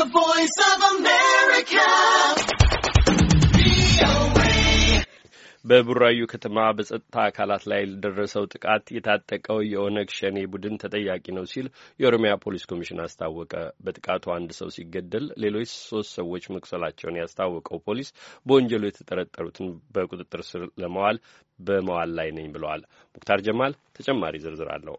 The Voice of America. በቡራዩ ከተማ በጸጥታ አካላት ላይ ለደረሰው ጥቃት የታጠቀው የኦነግ ሸኔ ቡድን ተጠያቂ ነው ሲል የኦሮሚያ ፖሊስ ኮሚሽን አስታወቀ። በጥቃቱ አንድ ሰው ሲገደል ሌሎች ሶስት ሰዎች መቁሰላቸውን ያስታወቀው ፖሊስ በወንጀሉ የተጠረጠሩትን በቁጥጥር ስር ለመዋል በመዋል ላይ ነኝ ብለዋል። ሙክታር ጀማል ተጨማሪ ዝርዝር አለው።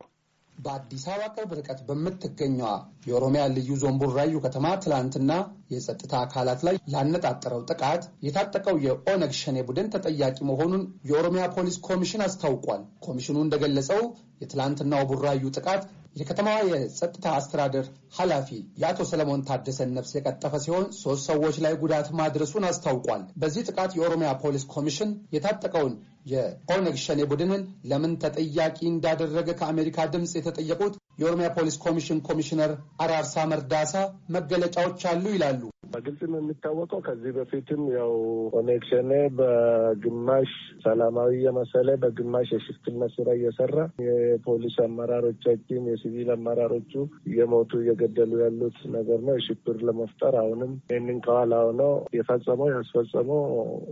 በአዲስ አበባ ቅርብ ርቀት በምትገኘዋ የኦሮሚያ ልዩ ዞን ቡራዩ ከተማ ትላንትና የጸጥታ አካላት ላይ ላነጣጠረው ጥቃት የታጠቀው የኦነግ ሸኔ ቡድን ተጠያቂ መሆኑን የኦሮሚያ ፖሊስ ኮሚሽን አስታውቋል። ኮሚሽኑ እንደገለጸው የትላንትናው ቡራዩ ጥቃት የከተማዋ የጸጥታ አስተዳደር ኃላፊ የአቶ ሰለሞን ታደሰን ነፍስ የቀጠፈ ሲሆን ሶስት ሰዎች ላይ ጉዳት ማድረሱን አስታውቋል። በዚህ ጥቃት የኦሮሚያ ፖሊስ ኮሚሽን የታጠቀውን የኦነግ ሸኔ ቡድንን ለምን ተጠያቂ እንዳደረገ ከአሜሪካ ድምፅ የተጠየቁት የኦሮሚያ ፖሊስ ኮሚሽን ኮሚሽነር አራርሳ መርዳሳ መገለጫዎች አሉ ይላሉ። በግልጽም የሚታወቀው ከዚህ በፊትም ያው ኦነግ ሸኔ በግማሽ ሰላማዊ የመሰለ በግማሽ የሽፍትነት ስራ እየሰራ የፖሊስ አመራሮቻችን የሲቪል አመራሮቹ እየሞቱ እየገደሉ ያሉት ነገር ነው። የሽብር ለመፍጠር አሁንም ይህንን ከኋላ ሆነው የፈጸመው ያስፈጸመው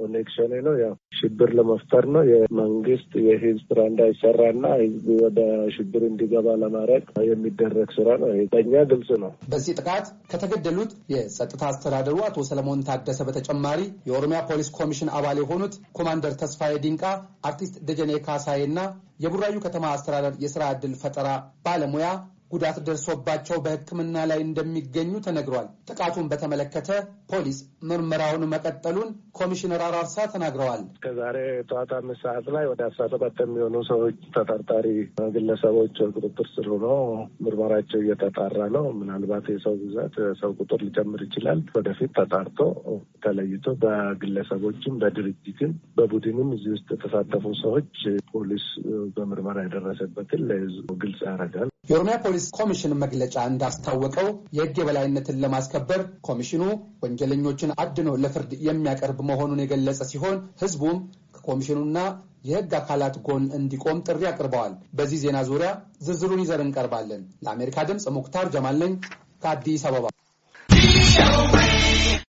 ኦነግ ሸኔ ነው። ያው ሽብር ለመፍጠር ነው። የመንግስት የህዝብ ስራ እንዳይሰራና ህዝብ ወደ ሽብር እንዲገባ ለማድረግ የሚደረግ ስራ ነው። በእኛ ግልጽ ነው። በዚህ ጥቃት ከተገደሉት የጸጥታ አስተዳደሩ አቶ ሰለሞን ታደሰ በተጨማሪ የኦሮሚያ ፖሊስ ኮሚሽን አባል የሆኑት ኮማንደር ተስፋዬ ዲንቃ፣ አርቲስት ደጀኔ ካሳዬ እና የቡራዩ ከተማ አስተዳደር የስራ ዕድል ፈጠራ ባለሙያ ጉዳት ደርሶባቸው በሕክምና ላይ እንደሚገኙ ተነግሯል። ጥቃቱን በተመለከተ ፖሊስ ምርመራውን መቀጠሉን ኮሚሽነር አራርሳ ተናግረዋል። ከዛሬ ጠዋት አምስት ሰዓት ላይ ወደ አስራ ሰባት የሚሆኑ ሰዎች ተጠርጣሪ ግለሰቦች ቁጥጥር ስር ሆኖ ምርመራቸው እየተጣራ ነው። ምናልባት የሰው ብዛት ሰው ቁጥር ሊጨምር ይችላል። ወደፊት ተጣርቶ ተለይቶ በግለሰቦችም በድርጅትም በቡድንም እዚህ ውስጥ የተሳተፉ ሰዎች ፖሊስ በምርመራ የደረሰበትን ለህዝቡ ግልጽ ያደርጋል። የኦሮሚያ ፖሊስ ኮሚሽን መግለጫ እንዳስታወቀው የሕግ የበላይነትን ለማስከበር ኮሚሽኑ ወንጀለኞችን አድኖ ለፍርድ የሚያቀርብ መሆኑን የገለጸ ሲሆን ሕዝቡም ከኮሚሽኑና የሕግ አካላት ጎን እንዲቆም ጥሪ አቅርበዋል። በዚህ ዜና ዙሪያ ዝርዝሩን ይዘን እንቀርባለን። ለአሜሪካ ድምፅ ሙክታር ጀማል ነኝ ከአዲስ አበባ።